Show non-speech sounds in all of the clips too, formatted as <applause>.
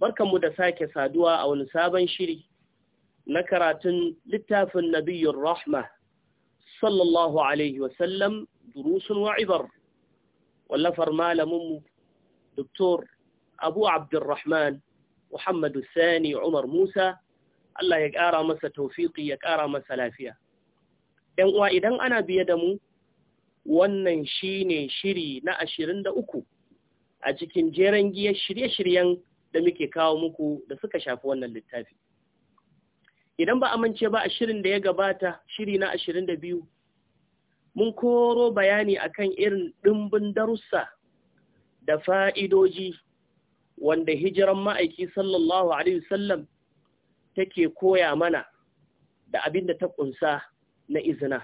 barkanmu da sake saduwa a wani sabon shiri na karatun littafin nabiyyun rahma sallallahu alaihi wasallam durusun wa'ibar wallafar malaminmu doktor abu abdurrahman muhammadu sani umar musa Allah ya ƙara masa taufiƙi ya ƙara masa lafiya ‘yan uwa idan ana biye da mu wannan shi ne shiri na ashirin da uku a cikin jeren giyar shirye-shiryen da muke kawo muku da suka shafi wannan littafi. Idan ba amince ba a shirin da ya gabata shiri na ashirin da biyu, mun koro bayani akan irin ɗimbin darussa da fa'idoji wanda hijiran ma'aiki sallallahu Alaihi wasallam take koya mana da abin da ta ƙunsa na izina.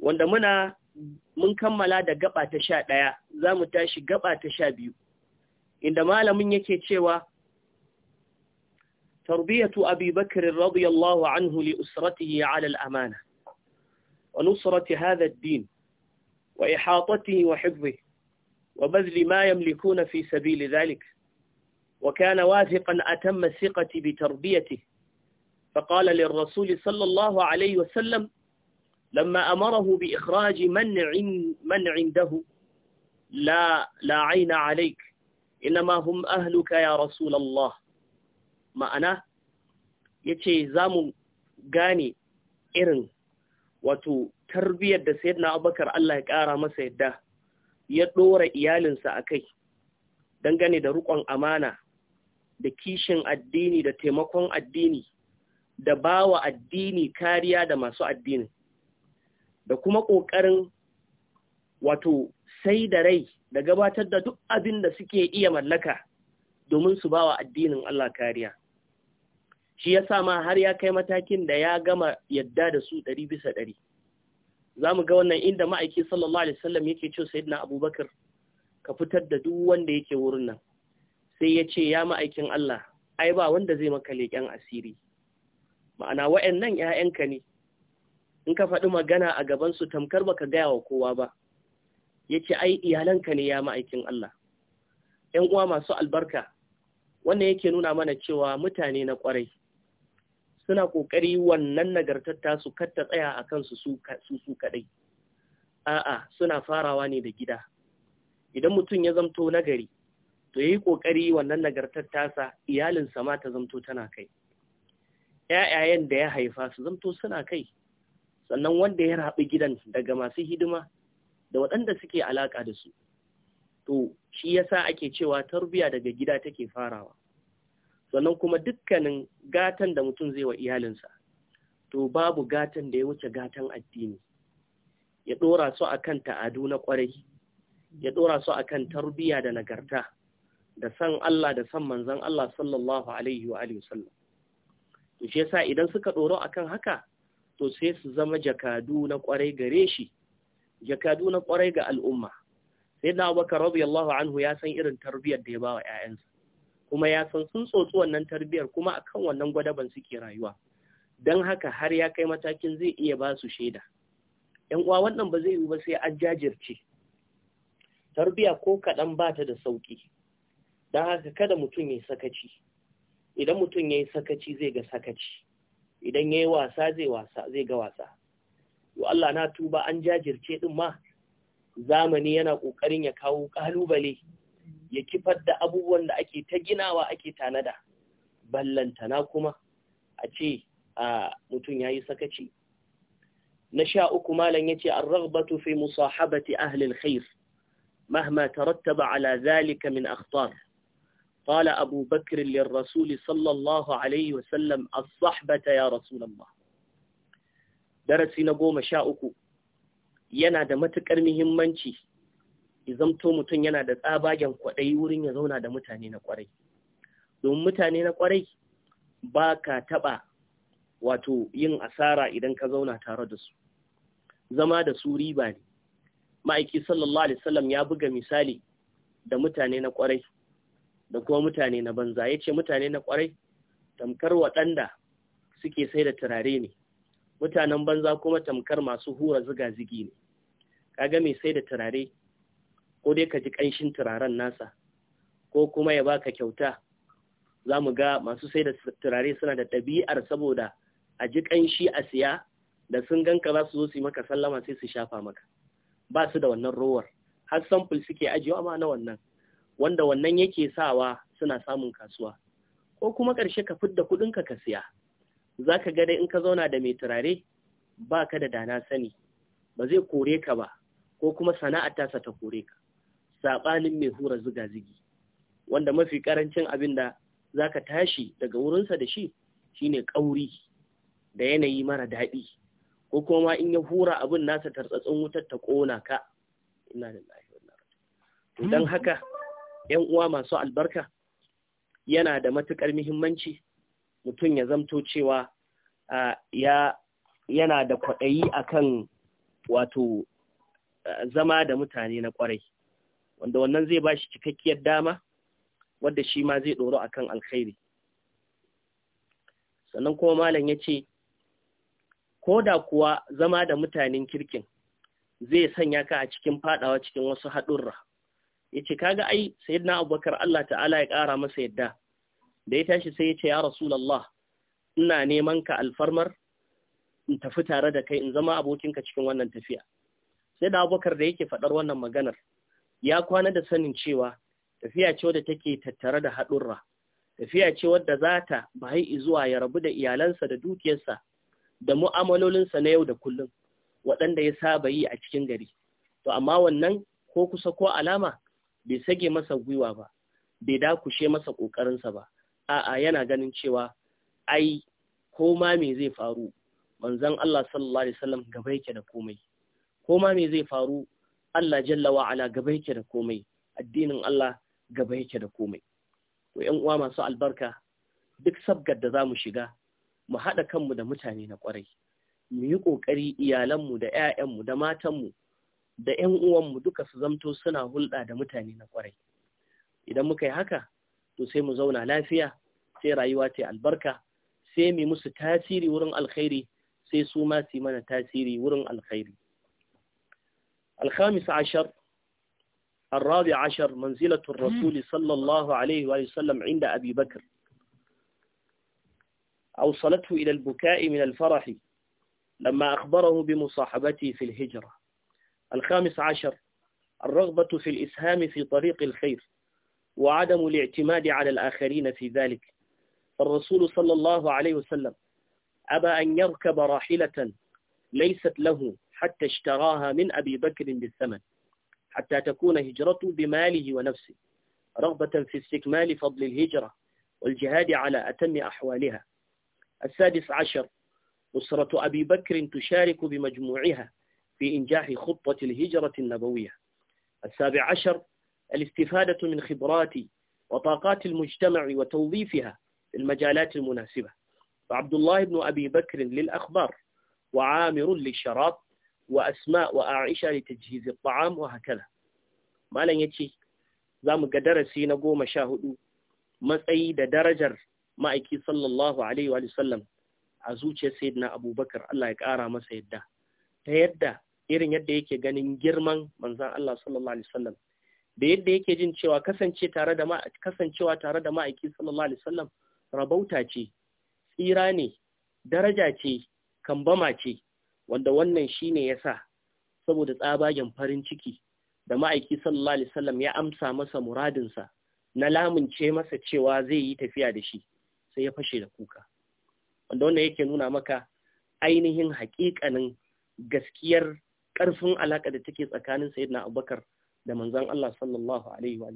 Wanda muna mun kammala da gaba ta sha ɗaya za mu tashi gaba ta sha biyu. inda malamin yake cewa tarbiyatu abi bakr radiyallahu anhu li usratihi ala al-amana wa nusrati hadha ad-din wa ihatatihi wa wa hifdhihi وبذل ما يملكون في سبيل ذلك وكان واثقا أتم الثقة بتربيته فقال للرسول صلى الله عليه وسلم لما أمره بإخراج من, عن من عنده لا, لا عين عليك inama hum ahluka ya rasulallah ma'ana ya ce gane irin wato tarbiyyar da sayyidina abubakar Allah ya ƙara masa yadda ya ɗora iyalinsa a kai dangane da riƙon amana da kishin addini da taimakon addini da bawa addini kariya da masu addini da kuma ƙoƙarin wato sai da rai da gabatar da duk abin da suke iya mallaka domin su bawa addinin Allah kariya shi ya sa ma har ya kai matakin da ya gama yadda da su ɗari bisa ɗari za mu ga wannan inda ma'aiki sallallahu alaihi wasallam yake ce na abubakar ka fitar da duk wanda yake wurin nan sai ya ce ya ma'aikin Allah ai ba wanda zai maka leƙen asiri ma'ana nan 'ya'yanka ne in ka faɗi magana a gabansu tamkar baka gaya wa kowa ba ya ce ai iyalanka ne ya ma'aikin Allah ‘yan uwa masu albarka wannan yake nuna mana cewa mutane na kwarai. suna ƙoƙari wannan nagartatta su katta tsaya a kansu su su kaɗai a'a suna farawa ne da gida idan mutum ya zamto nagari to yi ƙoƙari wannan nagartattasa iyalinsa ma ta zamto tana kai ‘ya'yayen da ya haifa su zamto suna kai sannan wanda ya raɓi gidan daga masu hidima da waɗanda suke alaƙa da su. To, shi yasa ake cewa tarbiya daga gida take farawa. Sannan kuma dukkanin gatan da mutum zai wa iyalinsa, to babu gatan da ya wuce gatan addini. Ya ɗora su a kan ta'adu na ƙwarai, ya ɗora su a kan tarbiya da nagarta, da san Allah da san manzan Allah sallallahu Alaihi wa sallam. To, shi yasa idan suka ɗoro a haka, to sai su zama jakadu na ƙwarai gare shi. jakadu na kwarai ga al'umma sai na abubakar Allah anhu ya san irin tarbiyyar da ya bawa 'ya'yansa. kuma ya san sun tsotsu wannan tarbiyyar kuma a kan wannan gwadaban suke rayuwa don haka har ya kai matakin zai iya ba su shaida ‘yan uwa wannan ba zai yi ba sai an jajirce tarbiyya ko kaɗan ba ta da sauƙi don haka kada mutum ya yi sakaci idan mutum ya yi sakaci zai ga sakaci idan ya yi wasa zai ga wasa to Allah na tuba an jajirce din ma zamani yana ƙoƙarin ya kawo ƙalubale ya kifar da abubuwan da ake ta ginawa ake tanada ballantana kuma a ce a mutum ya yi sakaci na sha uku malam ya ce an ragbatu fi musahabati ahlil khair مهما ترتب على ذلك من أخطار قال أبو بكر للرسول صلى الله عليه وسلم الصحبة يا رسول الله darasi na goma sha uku yana da matuƙar muhimmanci izamto mutum yana da tsabagen kwaɗayi wurin ya zauna da mutane na ƙwarai domin mutane na ƙwarai ba ka taɓa wato yin asara idan ka zauna tare da su zama da su riba ne ma'aiki sallallahu alaihi wasallam ya buga misali da mutane na ƙwarai da kuma mutane na banza ya ce mutane na ƙwarai tamkar waɗanda suke sai da turare ne mutanen banza kuma tamkar masu hura ziga-zigi ne ga mai sai da turare ko dai ka ji kanshin turaren nasa ko kuma ya baka kyauta za mu ga masu sai da turare suna da ɗabi'ar saboda a ji ƙanshi a siya da sun ganka za su zo su yi maka sallama sai su shafa maka ba su da wannan rowar har sampul suke ajiyewa ma na wannan wanda wannan yake sawa suna samun kasuwa ko kuma ƙarshe ka fidda kuɗinka ka siya za ka ga dai in ka zauna da mai turare ba ka da dana sani ba zai kore ka ba ko kuma sana'a tasa ta kore ka saɓanin mai hura zuga-zugi wanda mafi ƙarancin abin da za ka tashi daga wurinsa da shi shine ƙauri da yanayi mara daɗi ko kuma in ya hura abin nasa tartsatsin wutar ta ƙona ka ina da don haka ‘yan uwa masu albarka yana da matuƙar muhimmanci mutum ya zamto cewa yana da kwaɗayi akan wato zama da mutane na kwarai wanda wannan zai ba shi cikakkiyar dama wadda shi ma zai ɗoro akan alkhairi sannan kuma malam ya ce ko da kuwa zama da mutanen kirkin zai sanya ka a cikin fadawa cikin wasu haɗurra ya ce kaga ai sayid na abubakar Allah ta'ala ya ƙara masa yadda da ya tashi sai ya ce ya rasulallah ina neman ka alfarmar in tafi tare da kai in zama abokinka cikin wannan tafiya sai da abokar da yake faɗar wannan maganar ya kwana da sanin cewa tafiya ce wadda take tattare da haɗurra tafiya ce wadda za ta bai zuwa ya rabu da iyalansa da dukiyarsa da mu'amalolinsa na yau da kullum waɗanda ya saba yi a cikin gari to amma wannan ko kusa ko alama bai sage masa gwiwa ba bai dakushe masa ƙoƙarinsa ba a'a yana ganin cewa ai ko ma me zai faru manzon Allah sallallahu alaihi wasallam gaba yake da komai ko ma me zai faru Allah jalla wa ala gaba yake da komai addinin Allah gaba yake da komai to ƴan uwa masu albarka duk sabgar da zamu shiga mu haɗa kanmu da mutane na kwarai. mu yi ƙoƙari iyalanmu da 'ya'yanmu da matanmu da 'yan uwanmu duka su zamto suna hulɗa da mutane na kwarai. idan muka yi haka to sai mu zauna lafiya sai rayuwa ta albarka sai mu musu tasiri wurin alkhairi sai su ma su mana tasiri wurin alkhairi الخامس عشر الرابع عشر منزلة الرسول صلى الله عليه وسلم عند أبي بكر أوصلته إلى البكاء من الفرح لما أخبره بمصاحبته في الهجرة الخامس عشر الرغبة في الإسهام في طريق الخير وعدم الاعتماد على الآخرين في ذلك الرسول صلى الله عليه وسلم أبى أن يركب راحلة ليست له حتى اشتراها من أبي بكر بالثمن حتى تكون هجرته بماله ونفسه رغبة في استكمال فضل الهجرة والجهاد على أتم أحوالها السادس عشر أسرة أبي بكر تشارك بمجموعها في إنجاح خطة الهجرة النبوية السابع عشر الاستفادة من خبرات وطاقات المجتمع وتوظيفها المجالات المناسبة فعبد الله بن أبي بكر للأخبار وعامر للشراب وأسماء وأعيشة لتجهيز الطعام وهكذا ما لن يتشي زام قدر سينقو مشاهد ما سيد درجر ما إكي صلى الله عليه وآله وسلم يا سيدنا أبو بكر الله يكارا ما سيده تيده irin yadda yake ganin girman manzon Allah sallallahu alaihi wasallam da yadda yake jin cewa kasancewa tare da ma kasancewa tare da ma'aiki sallallahu alaihi wasallam rabauta ce tsira ne daraja ce kambama ce wanda wannan shi ne ya sa saboda tsabagen farin ciki da ma'aiki sallallahu alaihi wasallam ya amsa masa muradinsa na lamunce masa cewa zai yi tafiya da shi sai ya fashe da kuka wanda wannan yake nuna maka ainihin haƙiƙanin gaskiyar ƙarfin alaƙa da take tsakanin sayyidina abubakar da manzon Allah sallallahu alaihi wa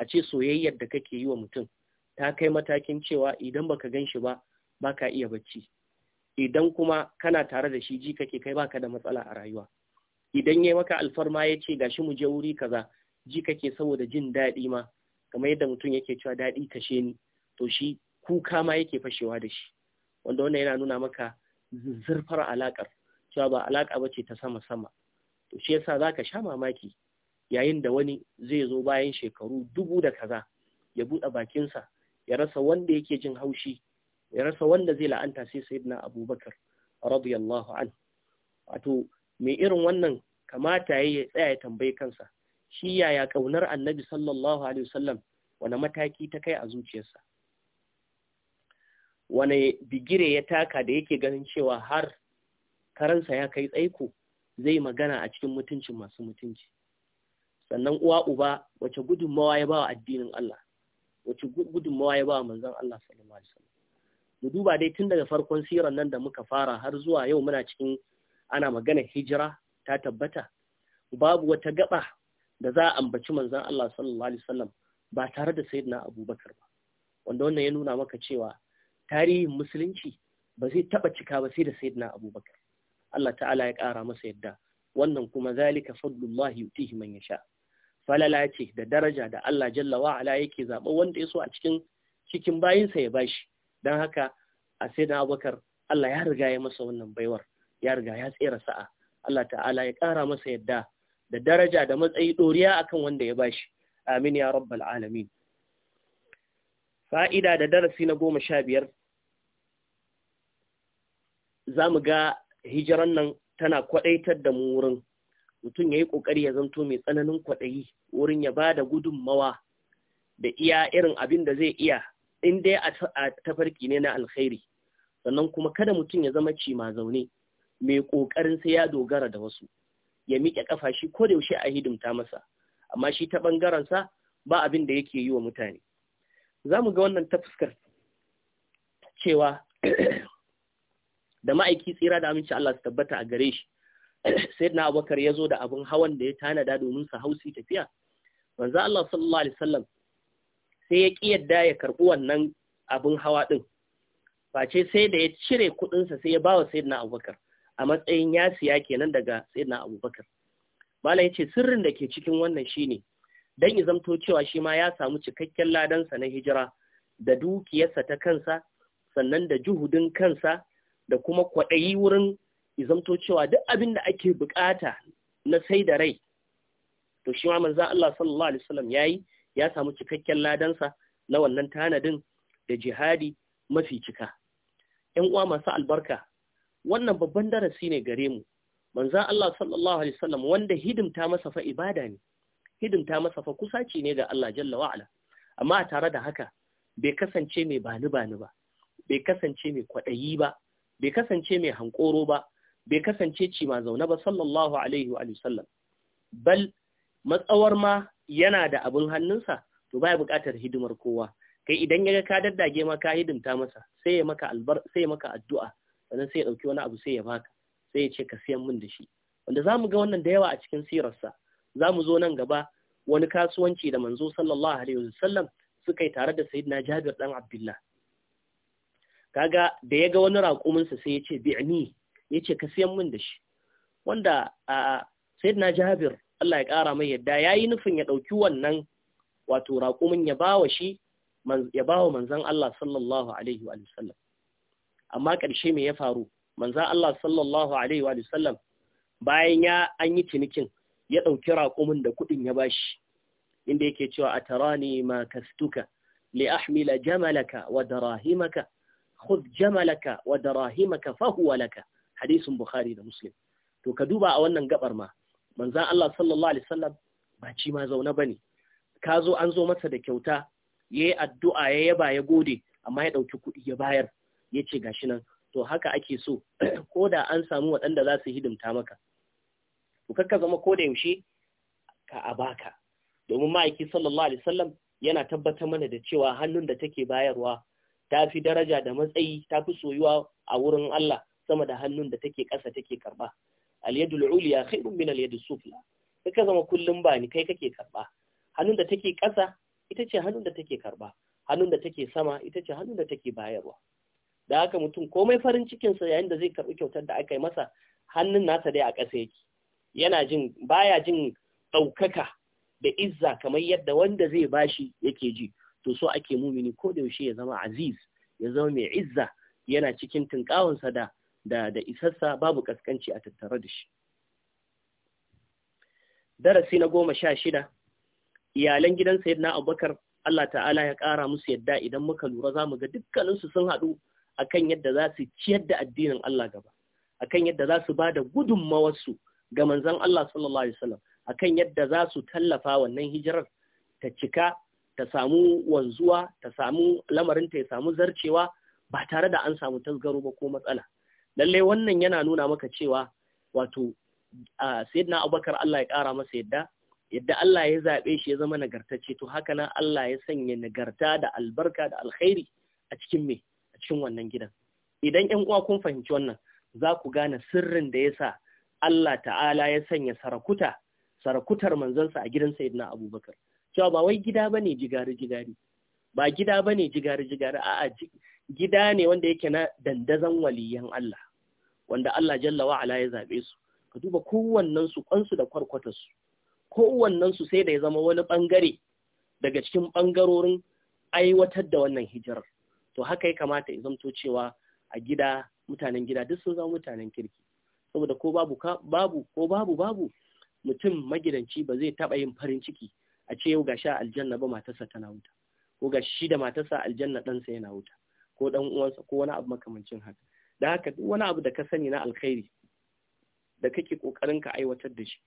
a ce soyayyar da kake yi wa mutum ta kai matakin cewa idan baka gan shi ba baka iya bacci idan kuma kana tare da shi ji kake kai baka da matsala a rayuwa idan yayi maka alfarma ya ce gashi mu je wuri kaza ji kake saboda jin daɗi ma kamar yadda mutum yake cewa daɗi kashe ni to shi kuka ma yake fashewa da shi wanda wannan yana nuna maka zurfar alaƙar cewa ba alaƙa ba ce ta sama sama to shi yasa zaka sha mamaki yayin da wani zai zo bayan shekaru dubu da kaza ya buɗe bakinsa ya rasa wanda yake jin haushi ya rasa wanda zai la'anta sai sayyidina abubakar radiyallahu an wato me irin wannan kamata yayi ya tsaya ya tambayi kansa shi yaya kaunar annabi sallallahu alaihi wasallam wani mataki ta kai a zuciyarsa wani bigire ya taka da yake ganin cewa har karansa ya kai tsaiko zai magana a cikin mutuncin masu mutunci sannan uwa uba wace gudunmawa ya ba wa addinin Allah wace gudunmawa ya ba manzon Allah sallallahu alaihi wasallam mu duba dai tun daga farkon sirar nan da muka fara har zuwa yau muna cikin ana magana hijira ta tabbata babu wata gaba da za a ambaci manzon Allah sallallahu alaihi wasallam ba tare da sayyidina Abubakar ba wanda wannan ya nuna maka cewa tarihin musulunci ba zai taba cika ba sai da sayyidina Abubakar Allah ta'ala ya kara masa yadda wannan kuma zalika fadlullahi yutihi man yasha' falala ce da daraja da Allah jalla wa ala yake zaɓa wanda ya so a cikin cikin bayinsa ya bashi don haka a sai na abubakar Allah ya riga ya masa wannan baiwar ya riga ya tsira sa'a Allah ta'ala ya ƙara masa yadda da daraja da matsayi ɗoriya akan wanda ya bashi amin ya rabbal alamin fa'ida da darasi na goma sha biyar za mu ga hijiran nan tana kwaɗaitar da mu wurin mutum ya yi ƙoƙari ya zanto mai tsananin kwaɗayi wurin ya ba da gudunmawa da iya irin abin da zai iya in dai a tafarki ne na alkhairi sannan kuma kada mutum ya zama cima zaune mai ƙoƙarin sai ya dogara da wasu ya miƙe ƙafa shi ko da yaushe a hidimta masa amma shi ta sa ba abin da yake yi wa mutane za mu ga wannan ta fuskar cewa <clears throat> da ma'aiki tsira da aminci Allah su tabbata a gare shi <clears throat> sayyidina abubakar ya zo da abin hawan da ya tanada domin su hausi tafiya manzo Allah sallallahu alaihi wasallam sai ya kiyarda ya karbi wannan abin hawa din face sai da ya cire kudin sai ya bawa sayyidina abubakar a matsayin ya siya kenan daga sayyidina abubakar ya ce sirrin da ke cikin wannan shine dan ya zamto cewa shi ma ya samu cikakken ladansa na hijira da dukiyarsa ta kansa sannan da juhudin kansa da kuma kwaɗayi wurin zamto cewa duk abin da ake bukata na sai da rai to shi ma Allah sallallahu alaihi wasallam yayi ya samu cikakken ladansa na wannan tanadin da jihadi mafi cika ‘yan uwa masu albarka wannan babban darasi ne gare mu manzo Allah sallallahu alaihi wasallam wanda hidimta masa fa ibada ne hidimta masa fa kusaci ne ga Allah jalla wa'ala amma a tare da haka bai kasance mai bani bani ba bai kasance mai kwaɗayi ba bai kasance mai hankoro ba bai kasance ci ma zaune ba sallallahu alaihi wa sallam bal matsawar ma yana da abin hannunsa to baya buƙatar hidimar kowa kai idan yaga ka daddage ma ka hidimta masa sai ya maka albar sai ya maka addu'a sannan sai ya dauki wani abu sai ya baka sai ya ce ka siyan min da shi wanda zamu ga wannan da yawa a cikin sirarsa zamu zo nan gaba wani kasuwanci da manzo sallallahu alaihi wa sallam suka yi tare da sayyidina Jabir dan Abdullah kaga da ya ga wani raƙumin sa sai ya ce bi'ni ya ce ka siyan min da shi wanda a na jabir Allah ya ƙara mai yadda ya yi nufin ya ɗauki wannan wato raƙumin ya bawa shi ya bawa manzan Allah sallallahu alaihi wa sallam amma ƙarshe me ya faru manzan Allah sallallahu alaihi wa sallam bayan ya an yi cinikin ya ɗauki raƙumin da kuɗin ya bashi inda yake cewa a tarani ma kastuka li ahmila jamalaka wa darahimaka khudh jamalaka wa darahimaka fa huwa laka hadisin Bukhari da Muslim to ka duba a wannan gabar ma manzon Allah sallallahu alaihi wasallam ba ci ma zauna ne. ka zo an zo masa da kyauta yayi addu'a ya yaba ya gode amma ya ɗauki kuɗi ya bayar Ya yace gashi nan to haka ake so <clears throat> ko da an samu waɗanda za su hidimta maka to kakka zama ko da yaushe ka a baka domin ma'aiki sallallahu alaihi wasallam yana tabbatar mana da cewa hannun da take bayarwa ta fi daraja da matsayi ta fi soyuwa a wurin Allah sama da hannun da take ƙasa take karɓa al-yadul uliya khairun min al sufla kai ka zama kullum ba ni kai kake karɓa hannun da take ƙasa ita ce hannun da take karɓa hannun da take sama ita ce hannun da take bayarwa da haka mutum komai farin cikinsa yayin da zai karɓi kyautar da aka yi masa hannun nasa dai a ƙasa yake yana jin baya jin ɗaukaka da izza kamar yadda wanda zai bashi yake ji to so ake mumini ko da yaushe ya zama aziz ya zama mai izza yana cikin tunkawansa da da da isassa babu kaskanci a tattare da shi darasi na goma sha shida iyalan gidan sayyidina abubakar Allah ta'ala ya ƙara musu yadda idan muka lura za mu ga dukkaninsu sun haɗu akan yadda za su ciyar da addinin Allah gaba akan yadda za su ba da gudunmawarsu ga manzon Allah sallallahu alaihi wasallam akan yadda za su tallafa wannan hijirar ta cika ta samu wanzuwa ta samu lamarinta ya samu zarcewa ba tare da an samu tasgaro ba ko matsala lallai wannan yana nuna maka cewa wato sayyidina abubakar Allah ya ƙara masa yadda yadda Allah ya zaɓe shi ya zama nagartacce to haka nan Allah ya sanya nagarta da albarka da alkhairi a cikin me a cikin wannan gidan idan ƴan uwa kun fahimci wannan za ku gane sirrin da ya sa Allah ta'ala ya sanya sarakuta sarakutar manzansa a gidan sayyidina abubakar cewa ba wai gida bane jigari jigari ba gida bane jigari jigari a'a gida ne wanda yake na dandazan waliyan Allah wanda Allah jalla wa ala ya zabe su ka duba kowannen su kwansu da kwarkwatar su kowannen su sai da ya zama wani bangare daga cikin bangarorin aiwatar da wannan hijirar to haka ya kamata ya zamto cewa a gida mutanen gida duk sun zama mutanen kirki saboda ko babu babu ko babu babu mutum magidanci ba zai taba yin farin ciki a ce yau gashi aljanna ba matarsa tana wuta ko gashi da matarsa aljanna ɗansa yana wuta ko ɗan uwansa ko wani abu makamancin haka da haka duk wani abu da ka sani na alkhairi da kake kokarin ka aiwatar da shi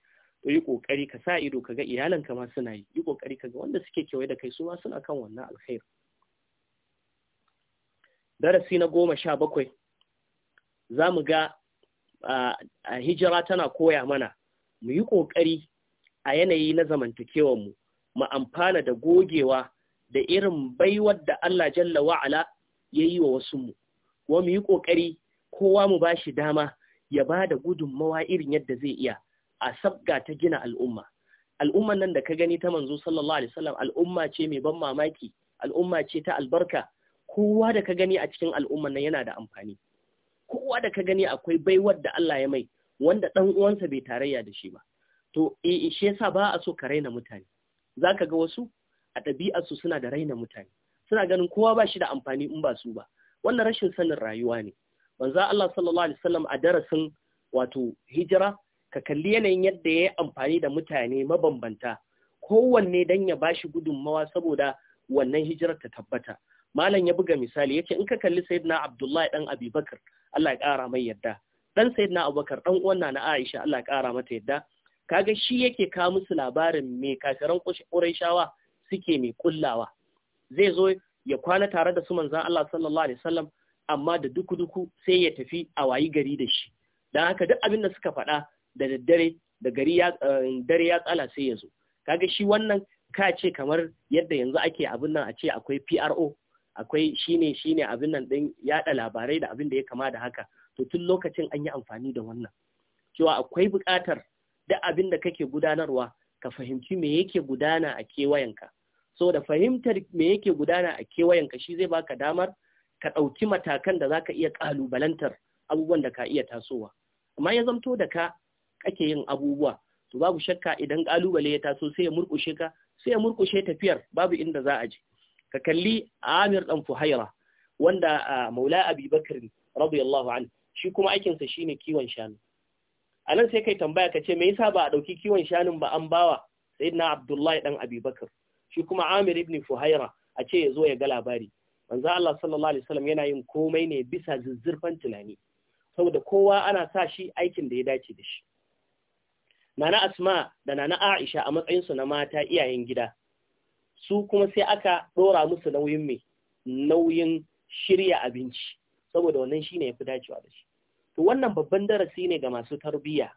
to yi kokari ka sa ido kaga iyalan ka ma suna yi yi kokari kaga wanda suke kewaye da kai su ma suna kan wannan alkhairi darasi na goma sha bakwai za mu ga a hijira tana koya mana mu yi kokari a yanayi na zamantakewar mu mu amfana da gogewa da irin baiwar da Allah jalla wa'ala ya yi wa wasu mu kuma mu yi ƙoƙari kowa mu ba shi dama ya ba da gudunmawa irin yadda zai iya a sabga ta gina al'umma. Al'umman nan da ka gani ta manzo sallallahu Alaihi wasallam al'umma ce mai ban mamaki, al'umma ce ta albarka, kowa da ka gani a cikin al'umman nan yana da amfani. Kowa da ka gani akwai baiwar da Allah ya mai, wanda ɗan uwansa bai tarayya da shi ba. To, e, shi yasa ba a so ka raina mutane. Za ka ga wasu a su suna da raina mutane. Suna ganin kowa ba shi da amfani in ba su ba. wannan rashin sanin rayuwa ne manzo Allah sallallahu alaihi wasallam a darasin wato hijira ka kalli yanayin yadda ya yi amfani da mutane mabambanta kowanne dan ya bashi gudunmawa saboda wannan hijirar ta tabbata malam ya buga misali yace in ka kalli sayyidina Abdullahi dan Bakar Allah ya kara mai yadda dan sayyidina Abubakar dan uwan na Aisha Allah ya kara mata yadda kaga shi yake kawo musu labarin me kafiran Qurayshawa suke mai kullawa zai zo ya kwana tare da su manzan Allah sallallahu alaihi wasallam amma da duku-duku sai ya tafi a wayi gari da shi don haka duk abin da suka faɗa da daddare da gari ya eh, dare ya tsala sai ya zo kaga shi wannan ka ce kamar yadda yanzu ake abin nan a ce akwai PRO akwai shine shine abin nan din yada labarai da abin da ya kama da haka to tun lokacin an yi amfani da wannan cewa akwai buƙatar duk abin da kake gudanarwa ka fahimci me yake gudana a kewayenka so da fahimtar me yake gudana a kewayen ka shi zai baka damar ka ɗauki matakan da zaka iya ƙalubalantar abubuwan da ka iya tasowa amma ya zamto da ka kake yin abubuwa to babu shakka idan ƙalubale ya taso sai ya murƙushe ka sai ya murƙushe tafiyar babu inda za a je ka kalli Amir dan Fuhaira wanda Maula Abubakar radiyallahu anhu shi kuma aikinsa shine kiwon shanu Anan sai kai tambaya ka ce me yasa ba a ɗauki kiwon shanun ba an bawa sayyidina Abdullahi dan Abubakar shi kuma Amir ibn Fuhaira a ce ya zo ya ga labari manzo Allah sallallahu alaihi wasallam yana yin komai ne bisa zuzzurfan tunani saboda kowa ana sa shi aikin da ya dace da shi Nana Asma da Nana Aisha a matsayin su na mata iyayen gida su kuma sai aka dora musu nauyin me nauyin shirya abinci saboda wannan shine yafi dacewa da shi to wannan babban darasi ne ga masu tarbiyya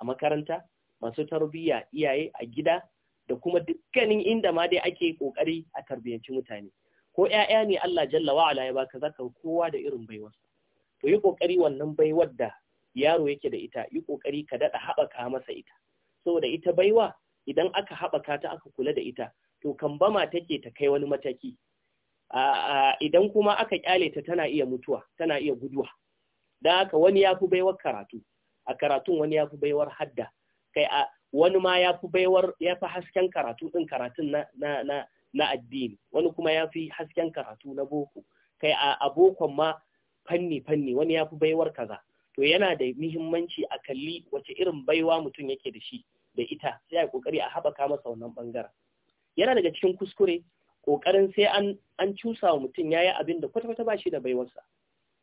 a makaranta masu tarbiyya iyaye a gida da kuma dukkanin inda ma dai ake kokari a tarbiyyanci mutane ko ƴaƴa ne Allah jalla wa ala ya baka zaka kowa da irin baiwar. to yi kokari wannan baiwar da yaro yake da ita yi kokari ka dada haɓaka masa ita saboda ita baiwa idan aka haɓaka ta aka kula da ita to kambama take ta kai wani mataki idan kuma aka kyale ta tana iya mutuwa tana iya guduwa dan haka wani yafi baiwar karatu a karatun wani yafi baiwar hadda kai a wani ma ya fi baiwar ya fi hasken karatu ɗin karatun na, na, na, addini wani kuma ya fi hasken karatu na boko kai a, a bokon ma fanni fanni wani ya fi baiwar kaza to yana da muhimmanci a kalli wace irin baiwa mutum yake da shi da ita sai a kokari a haɓaka masa wannan bangaren yana daga cikin kuskure kokarin sai an an cusa wa mutum yayi abin da kwata-kwata ba shi da baiwarsa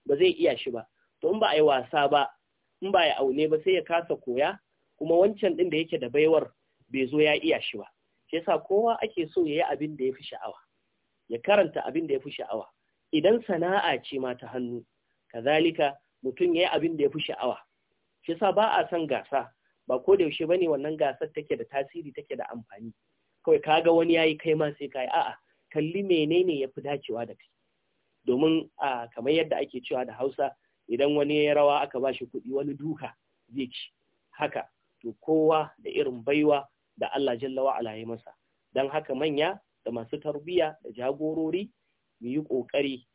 ba zai iya shi ba to in ba a yi wasa ba in ba ya aune ba sai ya kasa koya kuma wancan ɗin da yake da baiwar bai zo ya iya shi ba shi yasa kowa ake so ya yi abin da ya fi sha'awa ya karanta abin da ya fi sha'awa idan sana'a ce ma ta hannu kazalika mutum ya yi abin da ya fi sha'awa shi yasa ba a son gasa ba ko da yaushe bane wannan gasar take da tasiri take da amfani kawai ga wani ya yi kai ma sai yi a'a kalli menene ya fi dacewa da kai domin a kamar yadda ake cewa da Hausa idan wani ya rawa aka bashi kuɗi wani duka zai ci haka to kowa da irin baiwa da Allah jalla wa ya masa dan haka manya da masu tarbiya da jagorori mu yi kokari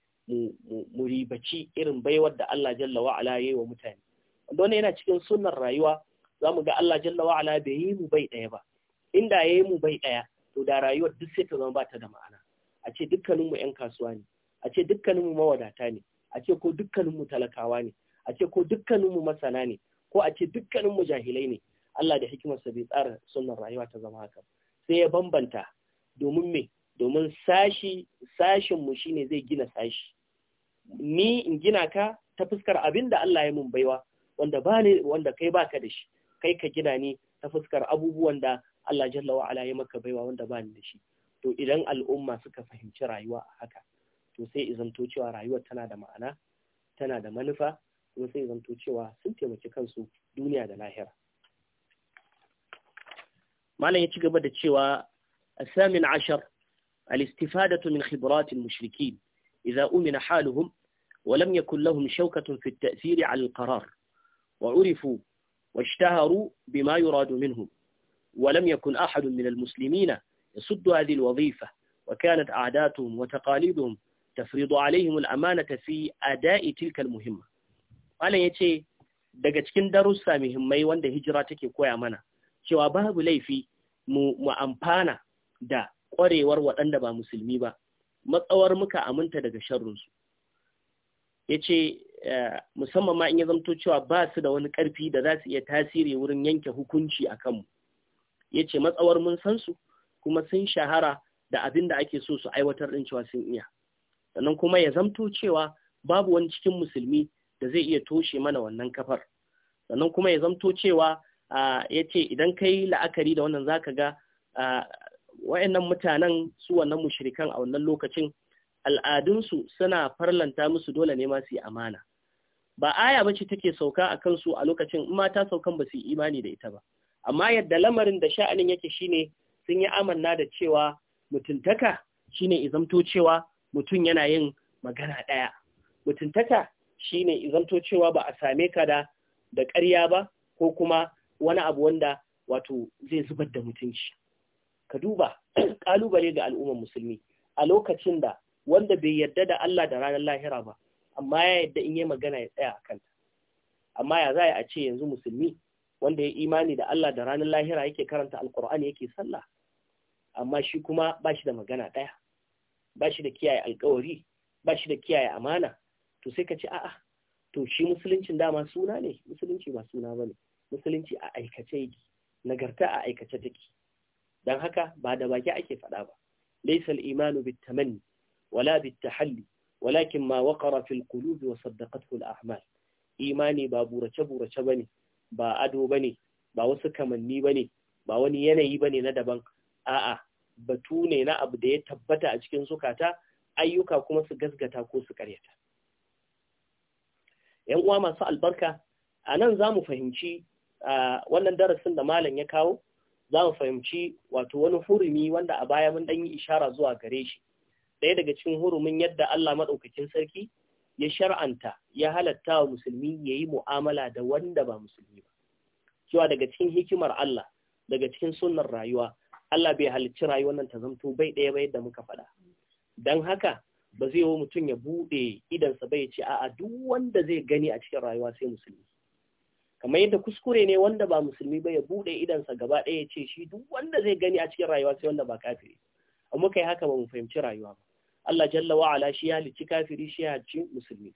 mu ribaci irin baiwar da Allah jalla wa ya yi wa mutane wanda yana cikin sunnar rayuwa zamu ga Allah jalla wa bai yi mu bai ɗaya ba inda ya yi mu bai ɗaya to da rayuwar duk sai ta zama ba ta da ma'ana a ce dukkaninmu 'yan kasuwa ne a ce dukkaninmu mawadata ne a ce ko dukkaninmu talakawa ne a ce ko dukkaninmu masana ne ko a ce dukkaninmu jahilai ne Allah da hikimarsa bai tsara sunan rayuwa ta zama haka sai ya bambanta domin me domin sashi sashin mu shine zai gina sashi ni in gina ka ta fuskar abin da Allah ya mun baiwa wanda ba ne wanda kai baka da shi kai ka gina ni ta fuskar abubuwan da Allah jalla wa ala ya maka baiwa wanda ba ni da shi to idan al'umma suka fahimci rayuwa a haka to sai izanto cewa rayuwar tana da ma'ana tana da manufa kuma sai izanto cewa sun taimaki kansu duniya da lahira malam ya ci gaba da cewa asamin ashar الاستفادة من خبرات المشركين إذا أمن حالهم ولم يكن لهم شوكة في التأثير على القرار وعرفوا واشتهروا بما يراد منهم ولم يكن أحد من المسلمين يسد هذه الوظيفة وكانت عاداتهم وتقاليدهم تفرض عليهم الأمانة في أداء تلك المهمة قال يتي daga cikin darussa muhimmai wanda hijira take koya mana cewa babu laifi mu amfana da ƙwarewar waɗanda ba musulmi ba matsawar muka aminta daga sharrunsu ya ce eh, musamman ma in ya zamto cewa ba su da wani ƙarfi da za su iya tasiri wurin yanke hukunci a kanmu ya ce matsawar mun san su kuma sun shahara da abin da ake so su aiwatar ɗin cewa sun iya sannan kuma ya zamto cewa babu wani cikin musulmi da zai iya toshe mana wannan kafar sannan kuma ya zamto cewa ya ce idan ka yi la'akari da wannan zaka ga wa'annan mutanen su wannan mushrikan a wannan lokacin al'adunsu suna farlanta musu dole ne masu yi amana ba aya ba ce take sauka a kansu a lokacin in ma ta saukan ba su yi imani da ita ba amma yadda lamarin da sha'anin yake shine sun yi amanna da cewa mutuntaka shine izamto cewa mutum yana yin magana ɗaya mutuntaka shine izamto cewa ba a same ka da da ƙarya ba ko kuma wani abu wanda wato zai zubar da mutunci ka duba kalubale <clears throat> ga al'ummar musulmi a lokacin da wanda bai yarda da Allah da ranar lahira ba amma ya yarda in yi magana ya tsaya a kanta amma ya za a ce yanzu musulmi wanda ya imani da Allah da ranar lahira yake karanta alkur'ani yake sallah amma shi kuma ba shi da magana ɗaya ba shi da kiyaye alkawari ba shi da kiyaye amana to sai ka ce a'a to shi musuluncin dama suna ne musulunci ba suna ba ne musulunci a aikace yake nagarta a aikace take don haka ba da baki ake faɗa ba laisal imanu bitamanni wala bitahalli walakin ma waqara fil qulubi wa saddaqathu al a'mal imani ba burace burace bane ba ado bane ba wasu kamanni bane ba wani yanayi bane na daban a'a batu ne na abu da ya tabbata a cikin zukata ayyuka kuma su gasgata ko su karyata yan uwa masu albarka a nan za mu fahimci wannan darasin da malam ya kawo za mu fahimci wato wani hurumi wanda a baya mun ɗan yi ishara zuwa gare shi ɗaya daga cikin hurumin yadda Allah maɗaukakin sarki ya shar'anta ya halatta wa musulmi ya yi mu'amala da wanda ba musulmi ba cewa daga cikin hikimar Allah daga cikin sunnar rayuwa Allah bai halicci rayuwar nan ta zamto bai ɗaya ba yadda muka faɗa dan haka ba zai yi mutum ya buɗe idansa bai ce a'a duk wanda zai gani a cikin rayuwa sai musulmi kamar yadda kuskure ne wanda ba musulmi ba ya buɗe idansa gaba ɗaya ya ce shi duk wanda zai gani a cikin rayuwa sai wanda ba kafiri A muka yi haka ba mu fahimci rayuwa ba Allah jalla wa ala shi ya halicci kafiri shi ya halicci musulmi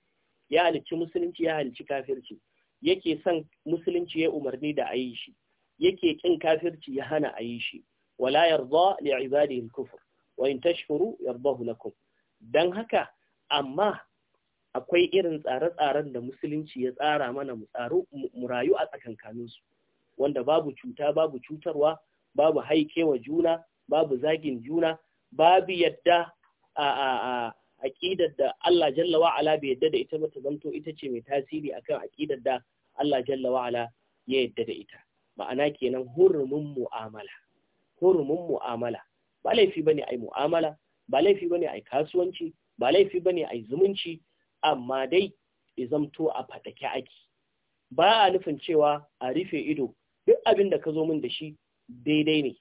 ya halicci musulunci ya halicci kafirci yake son musulunci ya umarni da ayi shi yake kin kafirci ya hana ayi shi wala yarda li ibadihi al-kufr wa in tashkuru yardahu lakum dan haka amma akwai irin tsare-tsaren da musulunci ya tsara mana mu rayu a su. wanda babu cuta babu cutarwa babu haikewa juna babu zagin juna babu yadda a aƙidar da Allah jalla wa'ala bai yadda da ita ba ta zamto ita ce mai tasiri akan aƙidar da Allah jalla wa'ala ya yadda da ita ma'ana kenan hurumin mu'amala hurumin mu'amala ba laifi bane ai mu'amala ba laifi bane ai kasuwanci ba laifi bane ai zumunci amma dai izamto a faɗake ake ba a nufin cewa a rufe ido duk abin da ka zo min da shi daidai ne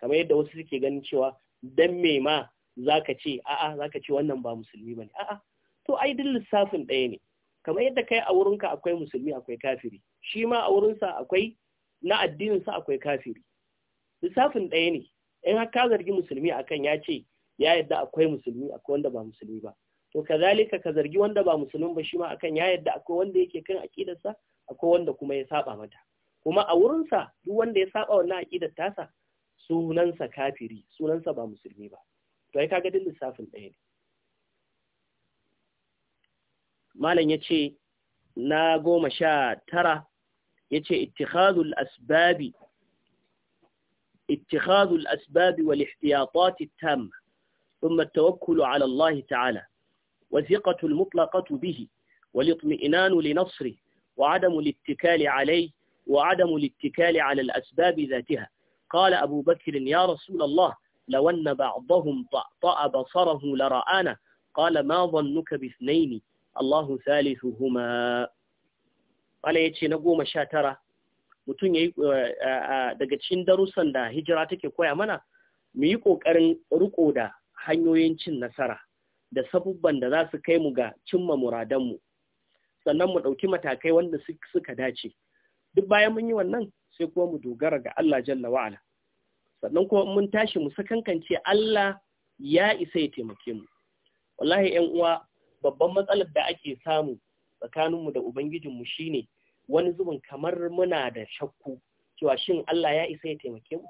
kamar yadda wasu suke ganin cewa dan me ma zaka ce a'a zaka ce wannan ba musulmi bane a'a to ai duk lissafin ɗaya ne kamar yadda kai a wurinka akwai musulmi akwai kafiri shi ma a wurinsa akwai na addinin sa akwai kafiri lissafin ɗaya ne in har ka zargi musulmi akan ya ce ya yadda akwai musulmi akwai wanda ba musulmi ba to kazalika ka zargi wanda ba musulun ba shi ma akan ya yadda akwai wanda yake kan aqidarsa akwai wanda kuma ya saba mata kuma a wurinsa duk wanda ya saba wannan aqidar tasa sunansa kafiri sunansa ba musulmi ba to ai kaga din lissafin ɗaya ne malam yace na goma sha tara yace ittikhadul asbabi اتخاذ الأسباب والاحتياطات التامة ثم التوكل على الله تعالى والثقة المطلقة به والاطمئنان لنصره وعدم الاتكال عليه وعدم الاتكال على الأسباب ذاتها قال أبو بكر يا رسول الله لو أن بعضهم طأطأ بصره لرآنا قال ما ظنك باثنين الله ثالثهما قال يتشي نقوم شاترة mutum ya yi daga cikin darussan da hijira take koya mana mu yi ƙoƙarin riko da hanyoyin cin nasara da sabubban da za su kai mu ga cimma muradanmu sannan mu ɗauki matakai wanda suka dace duk bayan mun yi wannan sai kuma mu dogara ga Allah jalla wa'ala sannan kuma mun tashi mu sakankance Allah ya isa ya taimake mu wallahi 'yan uwa babban matsalar da ake samu tsakaninmu da ubangijinmu shine wani zubin kamar muna da shakku cewa shin Allah ya isa ya taimake mu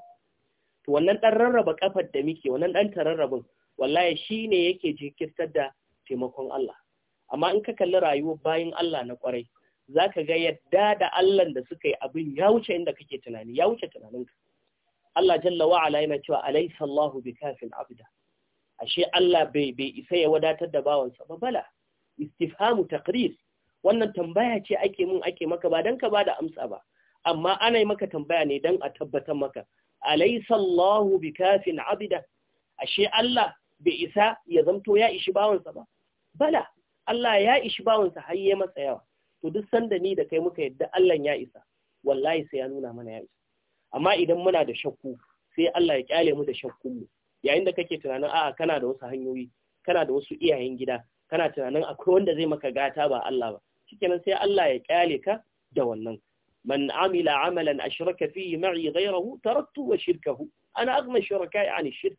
to wannan dan rarraba kafar da muke wannan dan tararrabin wallahi shi ne yake jikirtar da taimakon Allah amma in ka kalli rayuwar bayan Allah na kwarai za ka ga yadda da Allah da suka yi abin ya wuce inda kake tunani ya wuce tunaninka Allah jalla wa'ala yana cewa alaysa Allahu bikafin abda ashe Allah bai bai isa ya wadatar da bawansa ba bala istifhamu taqrir wannan tambaya ce ake mun ake maka ba dan ka bada amsa ba amma ana yi maka tambaya ne dan a tabbatar maka alaysa Allahu bikafin abda ashe Allah bai isa ya zamto ya ishi bawansa ba bala Allah ya ishi bawansa har ya masa yawa to duk sanda ni da kai muka yadda Allah ya isa wallahi sai ya nuna mana ya isa amma idan muna da shakku sai Allah ya kyale mu da shakkun mu yayin da kake tunanin a'a kana da wasu hanyoyi kana da wasu iyayen gida kana tunanin akwai wanda zai maka gata ba Allah ba shikenan sai Allah ya kyale ka da wannan man عمل amalan ashraka فيه معي غيره taraktu wa shirkahu ana شركائي عن الشرك shirk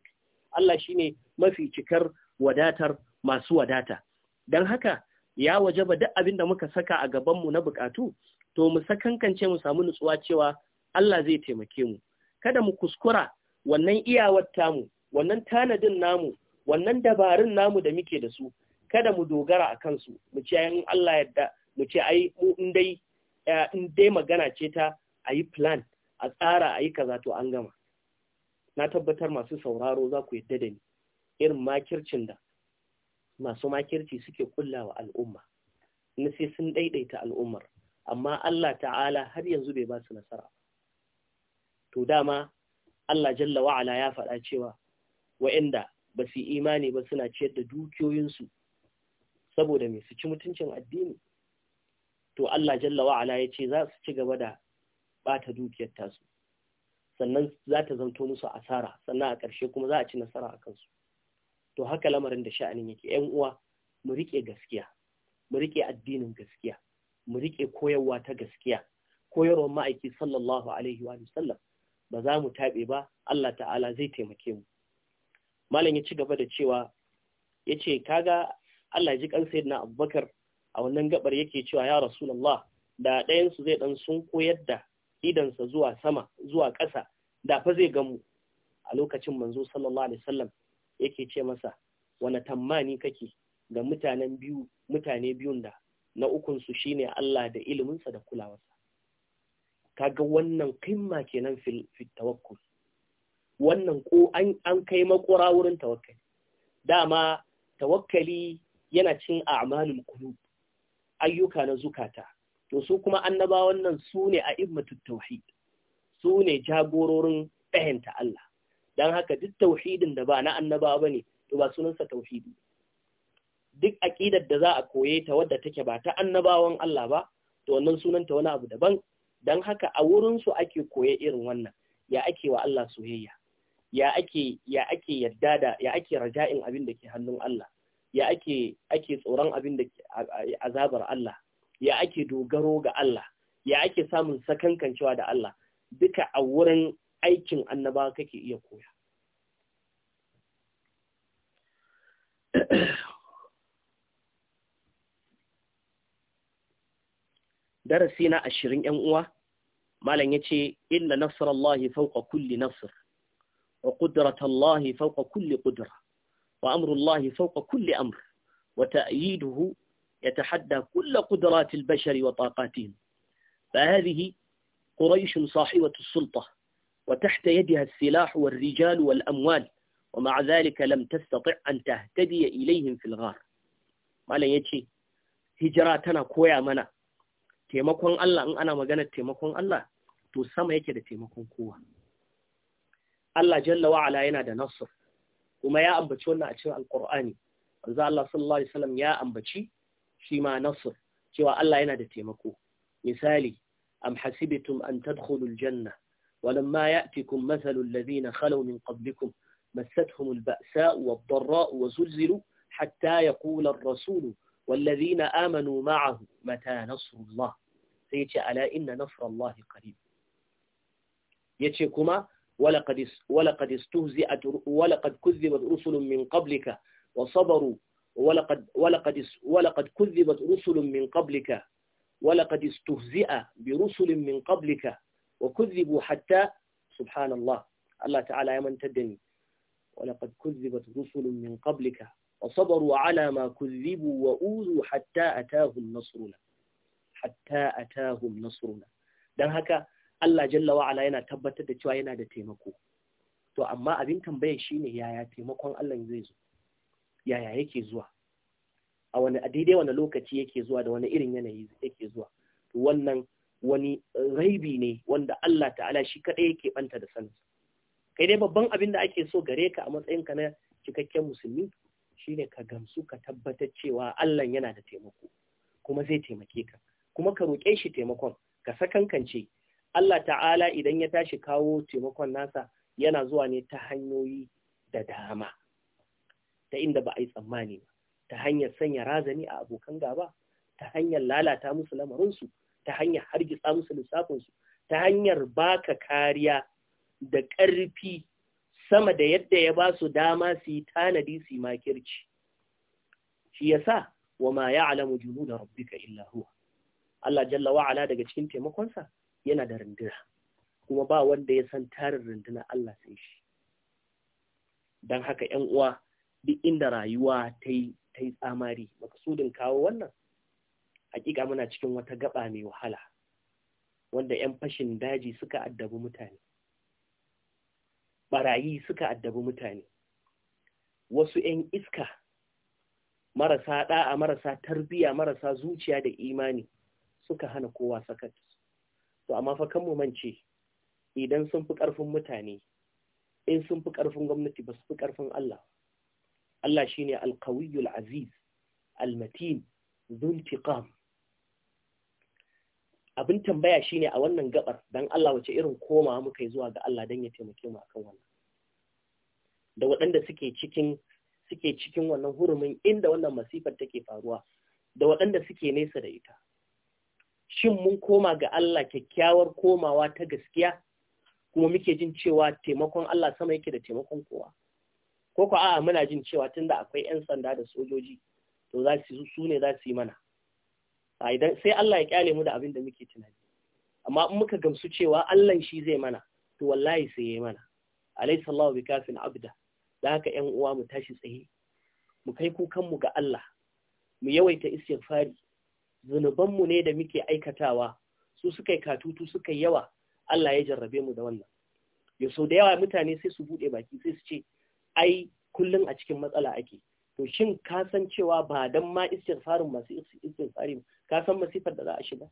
Allah shi ne mafi cikar wadatar masu wadata don haka ya waje ba duk abin da muka saka a gabanmu na bukatu to mu sakankance mu samu nutsuwa cewa Allah zai taimake mu kada mu kuskura wannan iyawar tamu wannan tanadin namu wannan dabarun namu da muke da su kada mu dogara a kansu mu ce in Allah yadda mu ce ai mu eh, in dai magana ce ta a yi plan a tsara a yi kaza to an gama na tabbatar masu sauraro za ku yadda da ni irin makircin da masu makirci suke kullawa al'umma na sai sun daidaita al'ummar amma Allah ta'ala har yanzu bai ba su nasara to dama Allah jalla wa'ala ya faɗa cewa wa'inda ba su imani ba suna ciyar da dukiyoyinsu saboda mai su ci mutuncin addini to Allah jalla wa'ala ya ce za su ci gaba da ɓata dukiyar tasu sannan za ta zanto musu asara sannan a ƙarshe kuma za a ci nasara a kansu to haka lamarin da sha'anin yake yan uwa mu riƙe gaskiya mu riƙe addinin gaskiya mu riƙe koyarwa ta gaskiya koyarwar ma'aiki sallallahu alaihi wa sallam ba za mu taɓe ba Allah ta'ala zai taimake mu malam ya ci gaba da cewa ya ce kaga Allah ji kan sayyidina Abubakar a wannan gabar yake cewa ya Rasulullah da su zai ɗan sun koyar da idansa zuwa sama zuwa ƙasa da fa zai gamu a lokacin manzo sallallahu alaihi wasallam yake ce masa wani tammani kake ga mutanen biyu mutane biyun da na ukun su shine Allah da iliminsa da kulawarsa kaga wannan kimma kenan fil tawakkul wannan ko an an kai makura wurin tawakkali dama tawakkali yana cin a'malul qulub ayyuka na zukata to su kuma annabawan nan su ne a immatut tauhid su ne jagororin ɗayanta Allah don haka duk tauhidin da ba na annaba ba ne to ba sunansa tauhidi duk aƙidar da za a koye ta wadda take ba ta annabawan Allah ba to wannan sunanta wani abu daban don haka a wurinsu ake koye irin wannan ya ake wa Allah soyayya ya ake ya ake yadda da ya ake raja'in abin da ke hannun Allah ya ake ake tsoron abin da azabar Allah ya ake dogaro ga Allah ya ake samun sakankancewa da Allah duka a wurin aikin annaba kake iya koya <clears throat> darasi na ashirin ‘yan uwa, Malam ya ce, Inna nasar Allah fauka kulli nasr wa ƙudurat Allah fauka kulli ƙudura, wa amurullah fauka kulli amur, wa ta'yiduhu يتحدى كل قدرات البشر وطاقاتهم فهذه قريش صاحبة السلطة وتحت يدها السلاح والرجال والأموال ومع ذلك لم تستطع أن تهتدي إليهم في الغار قال يجي هجراتنا كويا منا تيمكون الله أن أنا مغانا تيمكون الله تسمى يجي تيمكون كوا الله جل وعلا ينا نصر وما يا أمبتشونا أتشوى القرآن وزال الله صلى الله عليه وسلم يا أمبتشي shi نصر nasr الله Allah yana da taimako misali am hasibitum an tadkhulul janna walamma ya'tikum mathalul ladhina khalaw مستهم البأساء والضراء وزلزلوا حتى يقول الرسول والذين آمنوا معه متى نصر الله سيتي ألا إن نصر الله قريب يتشكما ولقد, ولقد استهزئت ولقد كذبت رسل من قبلك وصبروا ولقد ولقد ولقد كذبت رسل من قبلك ولقد استهزئ برسل من قبلك وكذبوا حتى سبحان الله الله تعالى يا من تدني ولقد كذبت رسل من قبلك وصبروا على ما كذبوا وأوذوا حتى أتاهم نصرنا حتى أتاهم نصرنا dan haka Allah jalla wa ala yana tabbatar da cewa yana da taimako to amma abin tambayar shine yaya taimakon Allah zai zo yaya yake zuwa a wani a daidai wani lokaci yake zuwa da wani irin yanayi yake zuwa wannan wani raibi ne wanda Allah ta'ala shi kaɗai yake banta da sanin kai dai babban abin da ake so gare ka a matsayin ka na cikakken musulmi shine ka gamsu ka tabbatar cewa Allah yana da taimako kuma zai taimake ka kuma ka roƙe shi taimakon ka sakankance Allah ta'ala idan ya tashi kawo taimakon nasa yana zuwa ne ta hanyoyi da dama ta inda ba a yi tsammani ba ta hanyar sanya razani a abokan gaba ta hanyar lalata musu lamarinsu ta hanyar hargitsa musu lissafinsu ta hanyar baka kariya da ƙarfi sama da yadda ya ba su dama su yi tanadi su yi makirci shi sa wa ma da da rabbika illa huwa Allah jalla wa ala daga cikin taimakonsa yana da runduna kuma ba wanda ya san tarin rundunar Allah sai shi Don haka 'yan uwa duk inda rayuwa ta yi tsamari makasudin kawo wannan hakika muna cikin wata gaba mai wahala wanda 'yan fashin daji suka addabi mutane barayi suka addabi mutane wasu 'yan iska marasa ɗa'a marasa tarbiya marasa zuciya da imani suka hana kowa sakat to amma fa kan mance idan sun fi ƙarfin mutane in sun fi ƙarfin gwamnati ba su fi ƙarfin Allah Allah shi ne alkawiyyul aziz almatin abin tambaya shi ne a wannan gabar don Allah wace irin koma muka yi zuwa ga Allah don ya taimake mu akan wannan da waɗanda suke cikin suke cikin wannan hurumin inda wannan masifar take faruwa da waɗanda suke nesa da ita shin mun koma ga Allah kyakkyawar komawa ta gaskiya kuma muke jin cewa taimakon Allah sama yake da taimakon kowa ko ko a'a muna jin cewa tunda akwai 'yan sanda da sojoji to za su su ne za su yi mana idan sai Allah ya kyale mu da abin da muke tunani amma in muka gamsu cewa Allah shi zai mana to wallahi sai yayi mana alayhi sallahu bi kafin abda da haka ƴan uwa mu tashi tsaye mu kai kukan mu ga Allah mu yawaita istighfari zunuban mu ne da muke aikatawa su suka yi katutu suka yawa Allah ya jarrabe mu da wannan yau sau da yawa mutane sai su bude baki sai su ce ai kullum a cikin matsala ake to shin ka san cewa ba dan ma istighfarin masu istighfari ka san masifar da za a shiga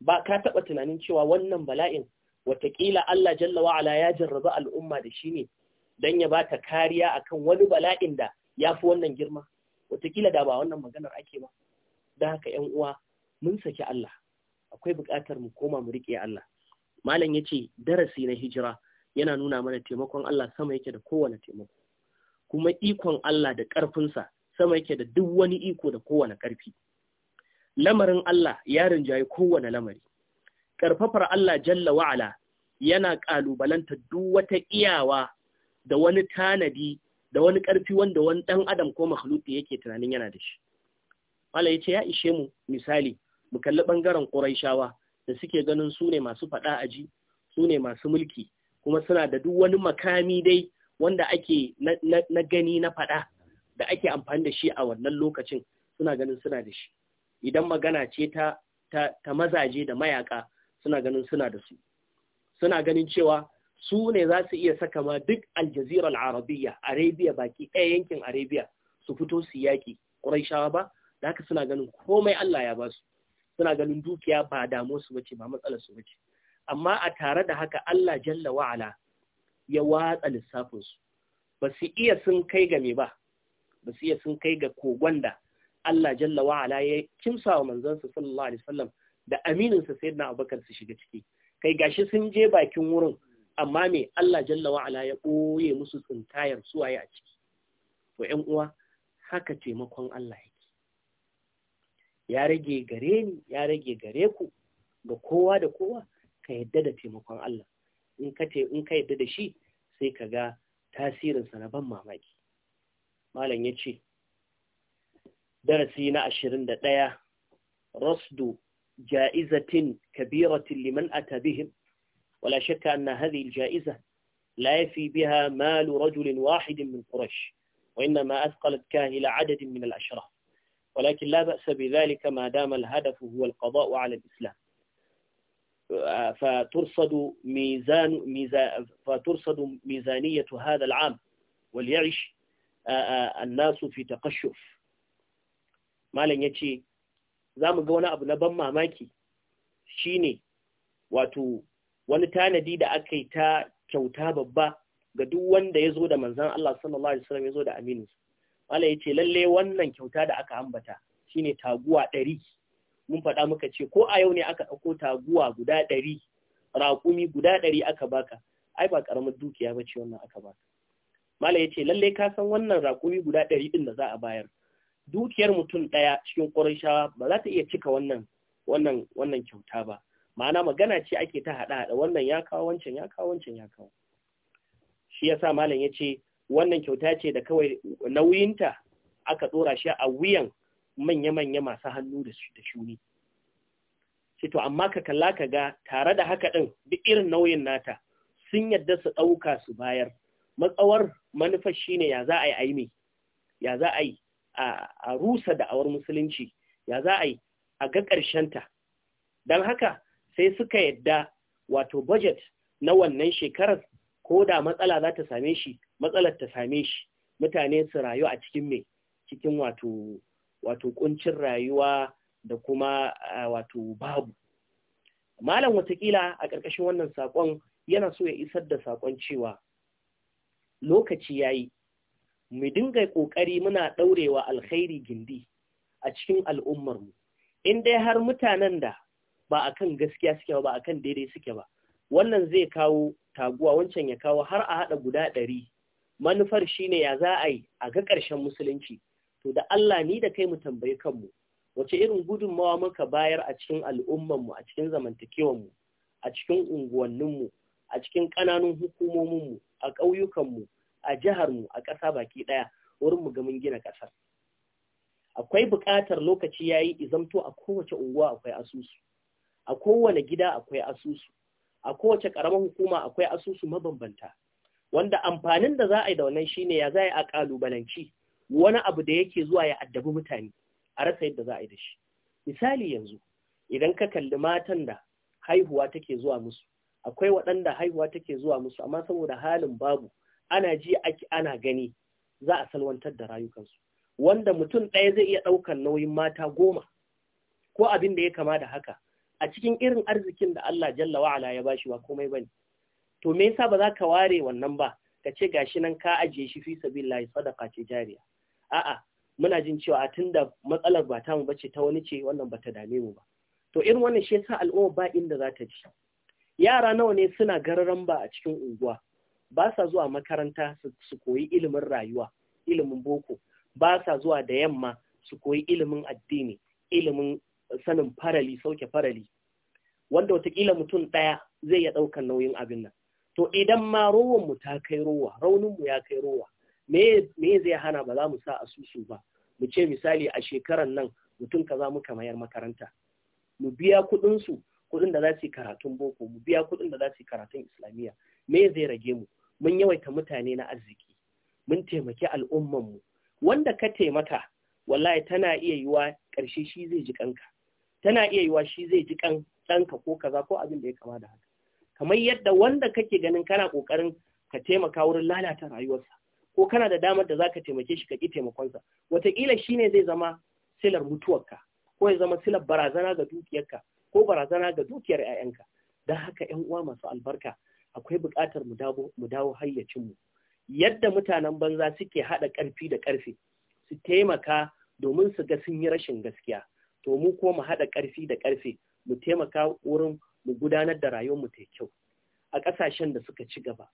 ba ka taba tunanin cewa wannan bala'in watakila Allah jalla wa ala ya jarraba al'umma da shi ne dan ya bata kariya akan wani bala'in da ya fi wannan girma watakila da ba wannan maganar ake ba da haka 'yan uwa mun saki Allah akwai buƙatar mu koma mu riƙe Allah malam yace darasi na hijira yana nuna mana taimakon Allah sama yake da kowane taimako kuma ikon Allah da ƙarfinsa sama yake da duk wani iko da kowane ƙarfi lamarin Allah ya rinjaye kowane lamari ƙarfafar Allah jalla wa'ala yana ƙalubalanta duk wata iyawa da wani tanadi da wani ƙarfi wanda wani ɗan adam ko makhluki yake tunanin yana da shi Allah ya ce ya ishe mu misali mu kalli ɓangaren ƙuraishawa da suke ganin su ne masu faɗa aji su ne masu mulki kuma suna da duk wani makami dai wanda ake na gani na faɗa da ake amfani da shi a wannan lokacin suna ganin suna da shi idan magana ce ta ta mazaje da mayaka suna ganin suna da su suna ganin cewa su ne za su iya saka ma duk aljazirar arabiya arabia baki ɗaya yankin arabiya su fito su yaƙi ƙuraishawa ba da haka suna ganin komai allah ya ba su suna ganin dukiya ba su bace ba matsalar su bace amma a tare da haka Allah jalla wa'ala ya watsa lissafinsu ba su iya sun kai ga me ba ba su iya sun kai ga kogon da Allah jalla wa'ala ya kimsa wa manzansa sallallahu alaihi wasallam da amininsa sayyidina Abubakar su shiga ciki kai gashi sun je bakin wurin amma me Allah jalla wa'ala ya koye musu tsintayar suwaye a ciki to ƴan uwa haka taimakon Allah yake ya rage gare ni ya rage gare ku ga kowa da kowa ka yadda da taimakon Allah in ka in ka yadda da shi sai ka ga tasirinsa na ban mamaki malam ya ce darasi na ashirin da ɗaya rasdu ja'izatin kabiratin liman ata bihim wala shakka anna hadhihi alja'iza la yafi biha malu rajulin wahidin min quraish وإنما أثقلت كاهل عدد من الأشراف ولكن لا بأس بذلك ما دام الهدف هو القضاء على الإسلام فترصد ميزان ميزا فترصد ميزانية هذا العام وليعش الناس ya ce za mu ga wani abu na ban mamaki shine wato wani tanadi da aka yi ta kyauta babba ga duk wanda ya zo da manzan Allah sallallahu ya zo da Aminu. malam yace, lallai wannan kyauta da aka ambata shine taguwa ɗari mun faɗa muka ce ko a yau ne aka ɗauko taguwa guda ɗari raƙumi guda ɗari aka baka ai ba ƙaramin dukiya ba ce wannan aka baka mala ya ce lallai ka san wannan raƙumi guda ɗari ɗin da za a bayar dukiyar mutum ɗaya cikin ƙurashawa ba za ta iya cika wannan wannan wannan kyauta ba ma'ana magana ce ake ta haɗa haɗa wannan ya kawo wancan ya kawo wancan ya kawo shi ya sa malam ya ce wannan kyauta ce da kawai nauyinta aka ɗora shi a wuyan manya-manya masu hannu da shuni sai amma ka kalla ka ga tare da haka ɗin duk irin nauyin nata sun yadda su ɗauka su bayar matsawar manufar ne ya za a yi aimi ya za a yi a rusa da'awar musulunci ya za a yi a ga ƙarshenta don haka sai suka yadda wato budget na wannan shekarar ko da matsala za ta same shi matsalar ta same shi mutane su rayu a cikin mai cikin wato wato kuncin rayuwa da kuma ah, wato babu malam watakila a ƙarƙashin wannan saƙon yana so ya isar da saƙon cewa lokaci ya yi mu dinga ƙoƙari muna ɗaurewa alkhairi gindi a cikin al'ummarmu in dai har mutanen da ba a kan gaskiya suke ba a kan daidai suke ba wannan zai kawo taguwa wancan ya kawo har a haɗa guda ɗari manufar shine ya za a yi a ga ƙarshen musulunci to da Allah ni da kai mu tambayi kanmu wace irin gudunmawa muka bayar a cikin al'ummanmu a cikin zamantakewanmu a cikin unguwanninmu a cikin ƙananun hukumominmu a ƙauyukanmu a jiharmu a ƙasa baki ɗaya wurin mu ga mun gina ƙasar akwai buƙatar lokaci yayi izamto a kowace unguwa akwai asusu a kowane gida akwai asusu a kowace ƙaramar hukuma akwai asusu mabambanta wanda amfanin da za a yi da wannan shine ya za a ƙalubalanci wani abu da yake zuwa ya addabi mutane a rasa yadda za a yi da shi misali yanzu idan ka kalli matan da haihuwa take zuwa musu akwai waɗanda haihuwa take zuwa musu amma saboda halin babu ana ji ana gani za a salwantar da rayukansu wanda mutum ɗaya zai iya ɗaukar nauyin mata goma ko abin da ya kama da haka a cikin irin arzikin da Allah jalla wa'ala ya bashi wa komai bane to me yasa ba za ka ware wannan ba ka ce gashi nan ka ajiye shi fi sabilillahi sadaqa ce jariya a'a muna jin cewa tunda matsalar ba ta mu bace ta wani ce wannan bata dame mu ba to irin wannan shi yasa al'umma ba inda za ta ji yara nawa ne suna gararan ba a cikin unguwa ba sa zuwa makaranta su koyi ilimin rayuwa ilimin boko ba sa zuwa da yamma su koyi ilimin addini ilimin sanin farali sauke farali wanda watakila mutum ɗaya zai ya ɗaukar nauyin abin nan to idan ma rowan mu ta kai rowa raunin mu ya kai rowa me zai hana ba za mu sa asusu ba mu ce misali a shekaran nan mutum kaza muka mayar makaranta mu biya kudinsu su kuɗin da za su yi karatun boko mu biya kudin da za su yi karatun islamiyya me zai rage mu mun yawaita mutane na arziki mun taimaki al'umman mu wanda ka taimaka wallahi tana iya yiwa karshe shi zai ji kanka tana iya yiwa shi zai ji kan ɗanka ko kaza ko abin da ya kama da haka kamar yadda wanda kake ganin kana kokarin ka taimaka wurin lalata rayuwarsa ko kana da damar da zaka taimake shi ka ki taimakonsa wataƙila shine zai zama silar mutuwarka ko ya zama silar barazana ga dukiyarka ko barazana ga dukiyar 'ya'yanka don haka 'yan uwa masu albarka akwai buƙatar mu dawo hayyacin mu. yadda mutanen banza suke haɗa ƙarfi da ƙarfe su taimaka domin su ga sun yi rashin gaskiya to mu ko mu haɗa ƙarfi da ƙarfe mu taimaka wurin mu gudanar da rayuwar mu ta kyau a ƙasashen da suka ci gaba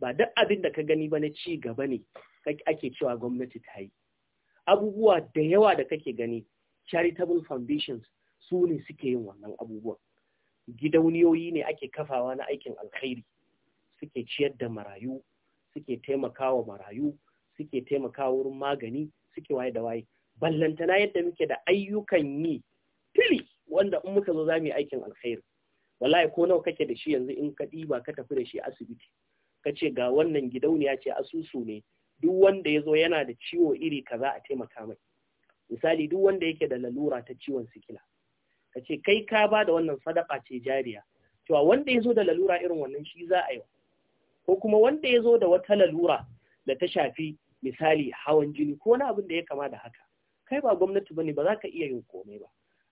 ba duk abin da ka gani ba na ci gaba ne ake cewa gwamnati ta yi abubuwa da yawa da kake gani charitable foundations su ne suke yin wannan abubuwa. gidauniyoyi ne ake kafawa na aikin alkhairi suke ciyar da marayu suke taimakawa marayu suke taimakawa wurin magani suke waye da waye ballantana yadda muke da ayyukan yi fili wanda in muka zo za mu yi aikin alkhairi wallahi ko nawa kake da shi yanzu in ka ɗiba ka tafi da shi asibiti ka ce ga wannan gidauniya ce asusu ne duk wanda ya zo yana da ciwo iri kaza a taimaka mai misali duk wanda yake da lalura ta ciwon sikila ka ce kai ka ba da wannan sadaka ce jariya cewa wanda ya zo da lalura irin wannan shi za a yi ko kuma wanda ya zo da wata lalura da ta shafi misali hawan jini ko wani abin da ya kama da haka kai ba gwamnati bane ba za ka iya yin komai ba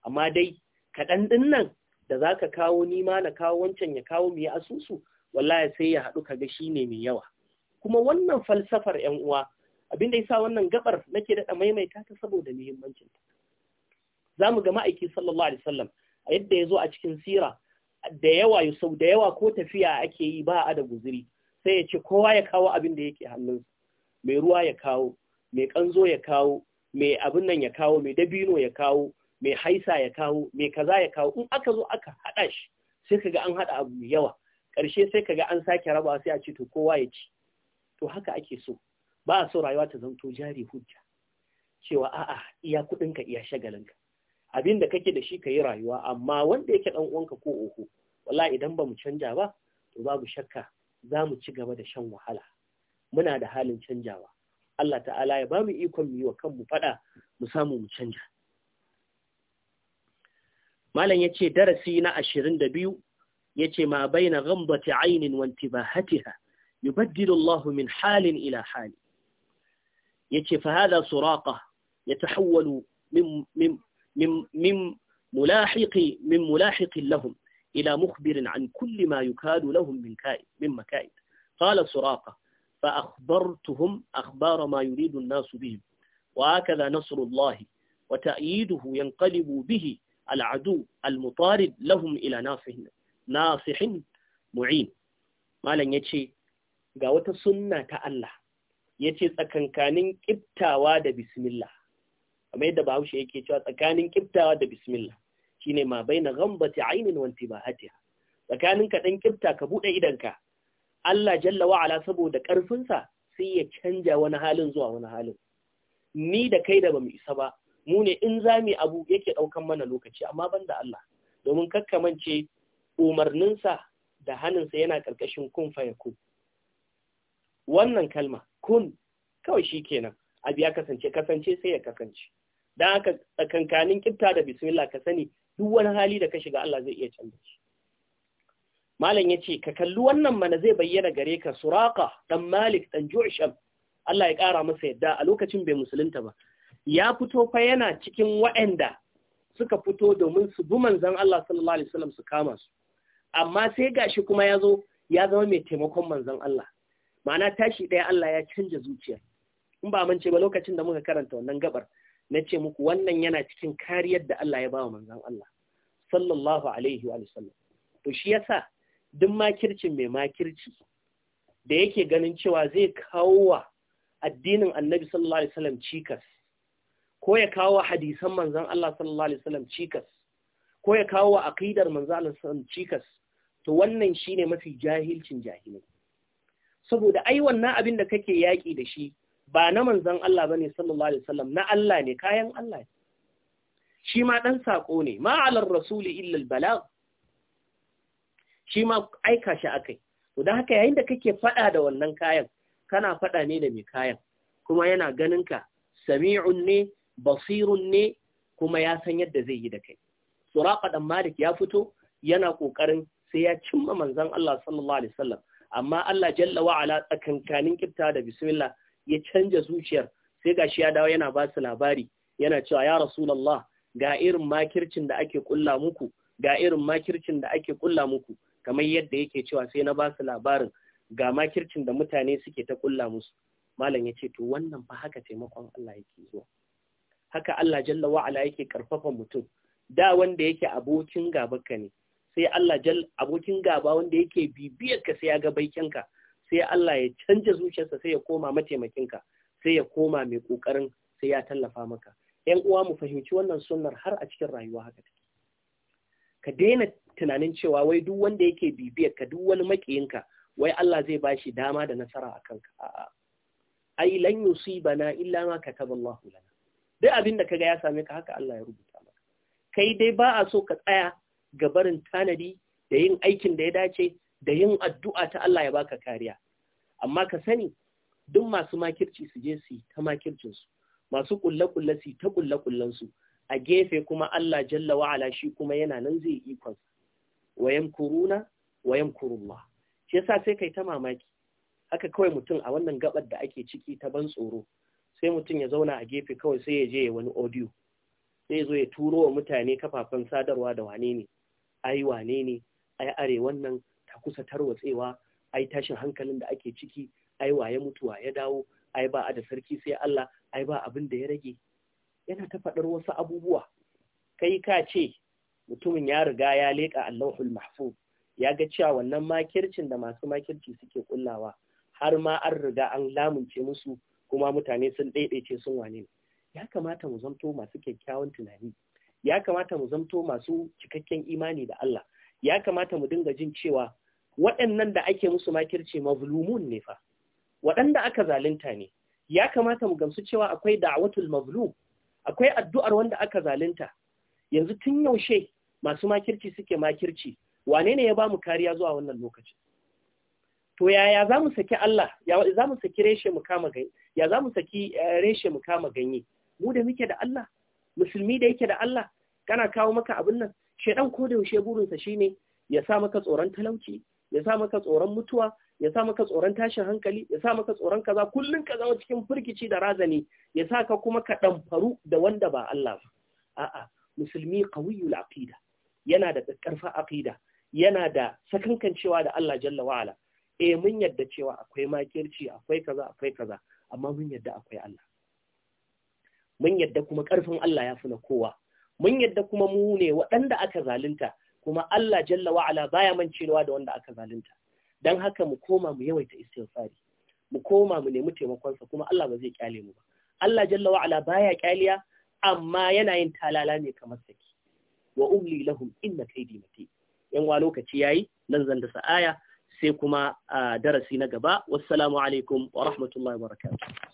amma dai kaɗan ɗin nan da za ka kawo nima na kawo wancan ya kawo mu asusu wallahi sai ya haɗu kaga shi ne mai yawa kuma wannan falsafar ‘yan uwa abin da yasa wannan gabar nake daɗa maimaita ta saboda muhimmancin ta za mu ga ma'aiki sallallahu alaihi wasallam a yadda ya zo a cikin sira da yawa sau da yawa ko tafiya ake yi ba a da guziri sai ya ce kowa ya kawo abin da yake hannunsa mai ruwa ya kawo mai kanzo ya kawo mai abin nan ya kawo mai dabino ya kawo mai haisa ya kawo mai kaza ya kawo in aka zo aka haɗa shi sai kaga an haɗa abu mai yawa ƙarshe sai ka ga an sake raba sai a ce to kowa ya ci to haka ake so ba a so rayuwa ta zanto jari hujja cewa a'a iya kuɗinka iya shagalinka abin da kake da shi ka yi rayuwa amma wanda yake ɗan uwanka ko oho wala idan ba mu canja ba to babu shakka za mu ci gaba da shan wahala muna da halin canjawa Allah ta'ala ya ba mu ikon mu yi wa kanmu faɗa mu samu mu canja Malam ya ce darasi na ashirin da biyu يتي ما بين غمضة عين وانتباهتها يبدل الله من حال إلى حال يتي فهذا سراقة يتحول من, من, من, من, ملاحق من ملاحق لهم إلى مخبر عن كل ما يكاد لهم من, كائد من مكائد قال سراقة فأخبرتهم أخبار ما يريد الناس بهم وهكذا نصر الله وتأييده ينقلب به العدو المطارد لهم إلى ناصرهم nasihin mu'in malam yace ga wata sunna ta Allah yace tsakankanin kiftawa da bismillah kamar yadda Bahaushe yake cewa tsakanin kiftawa da bismillah shine ma baina ghambati aynin wa intibahatiha tsakanin ka dan kifta ka bude idanka Allah jalla wa ala saboda sa sai ya canja wani halin zuwa wani halin ni da kai da bamu isa ba mu ne in zami abu yake daukan mana lokaci amma banda Allah domin kakkamance umarninsa da hannunsa yana ƙarƙashin kun faya ku. wannan kalma kun kawai shi kenan abu ya kasance kasance sai ya kasance don haka tsakankanin kifta da bismillah ka sani duk wani hali da ka shiga Allah zai iya canza shi malam ya ce ka kalli wannan mana zai bayyana gare ka suraka dan malik dan ju'sham Allah ya ƙara masa yadda a lokacin bai musulunta ba ya fito fa yana cikin waɗanda suka fito domin su bi manzon Allah sallallahu alaihi wasallam su kama su amma sai gashi kuma ya zo ya zama mai taimakon manzon Allah ma'ana tashi ɗaya Allah ya canja zuciya in ba ce ba lokacin da muka karanta wannan gabar na ce muku wannan yana cikin kariyar da Allah ya ba wa manzon Allah sallallahu alaihi wa sallam to shi yasa duk makircin mai makirci da yake ganin cewa zai kawo wa addinin annabi sallallahu alaihi wasallam cikas ko ya kawo hadisan manzon Allah sallallahu alaihi wasallam cikas ko ya kawo wa aqidar manzon Allah sallallahu alaihi wasallam cikas to wannan shine mafi jahilcin jahilai saboda ai wannan abin da kake yaƙi da shi ba na manzon Allah bane sallallahu alaihi wasallam na Allah ne kayan Allah ne shi ma dan sako ne ma'alar rasuli illal bala shi ma aika shi akai to dan haka yayin da kake fada da wannan kayan kana fada ne da mai kayan kuma yana ganin ka sami'un ne basirun ne kuma ya san yadda zai yi da kai suraqa dan malik ya fito yana kokarin sai ya cimma manzan Allah sallallahu alaihi wasallam amma Allah jalla wa'ala ala tsakankanin kifta da bismillah ya canja zuciyar sai gashi ya dawo yana ba su labari yana cewa ya rasulullah ga irin makircin da ake kulla muku ga irin makircin da ake kulla muku kamar yadda yake cewa sai na ba su labarin ga makircin da mutane suke ta kulla musu malam ya ce to wannan fa haka taimakon Allah yake zuwa haka Allah jalla wa'ala yake karfafa mutum da wanda yake abokin gabanka ne sai Allah jal abokin gaba wanda yake bibiyar ka sai ya ga ka. sai Allah ya canja zuciyarsa sai ya koma ka. sai ya koma mai kokarin sai ya tallafa maka yan uwa mu fahimci wannan sunnar har a cikin rayuwa haka take ka daina tunanin cewa wai duk wanda yake bibiyar ka duk wani makiyinka wai Allah zai bashi dama da nasara akan ka a'a ai lan yusibana illa ma kataballahu lana duk abin da kaga ya same ka haka Allah ya rubuta maka kai dai ba a so ka tsaya ga barin tanadi da yin aikin da ya dace da yin addu'a ta Allah ya baka kariya amma ka sani duk masu makirci su je su ta makircinsu masu kulle-kulle su ta kulle-kullensu a gefe kuma Allah jalla wa'ala shi kuma yana nan zai yi ikon wayan kuruna wayan kurullah shi yasa sai kai ta mamaki haka kawai mutum a wannan gabar da ake ciki ta ban tsoro sai mutum ya zauna a gefe kawai sai ya je ya wani audio sai ya zo ya turo wa mutane kafafen sadarwa da wane ne ai wane ne ai arewannan wannan ta kusa tarwatsewa ai tashin hankalin da ake ciki ai waye mutuwa ya dawo ai ba a da sarki sai Allah ai ba abin da ya rage yana ta faɗar wasu abubuwa kai ka ce mutumin ya riga ya leƙa Allahul Mahfuz ya ga cewa wannan makircin da masu makirci suke kullawa har ma an riga an lamunce musu kuma mutane sun ɗaiɗaice sun wane ne ya kamata mu zamto masu kyakkyawan tunani ya kamata mu zamto masu cikakken imani da Allah ya kamata mu dinga jin cewa waɗannan da ake musu makirce mazlumun ne fa waɗanda aka zalunta ne ya kamata mu gamsu cewa akwai da'watul mazlum akwai addu'ar wanda aka zalunta yanzu tun yaushe masu makirci suke makirci wane ne ya ba mu kariya zuwa wannan lokacin to yaya za mu saki Allah ya za mu saki reshe mu kama gani? ya za mu saki eh, reshe mu kama ganye mu da muke da Allah musulmi da yake da Allah kana kawo maka abin nan shedan ko da yaushe burinsa shine ya sa maka tsoron talauci ya sa maka tsoron mutuwa ya sa maka tsoron tashin hankali ya sa maka tsoron kaza kullun ka zama cikin firgici da razani ya sa ka kuma ka damfaru da wanda ba Allah ba a'a musulmi qawiyul aqida yana da karfa aqida yana da sakankancewa da Allah jalla wa ala eh mun yadda cewa akwai makirci akwai kaza akwai kaza amma mun yadda akwai Allah mun yadda kuma karfin Allah ya fi na kowa mun yadda kuma mu ne waɗanda aka zalunta kuma Allah jalla wa'ala baya mancewa da wanda aka zalunta dan haka mu koma mu yawaita istighfari mu koma mu nemi taimakon sa kuma Allah ba zai kyale mu ba Allah jalla wa'ala baya kyaliya amma yana yin talala ne kamar saki wa umli lahum inna kaydi mati yan wa lokaci yayi nan zan da sa'aya sai kuma ah, darasi na gaba wassalamu alaikum wa rahmatullahi wa barakatuh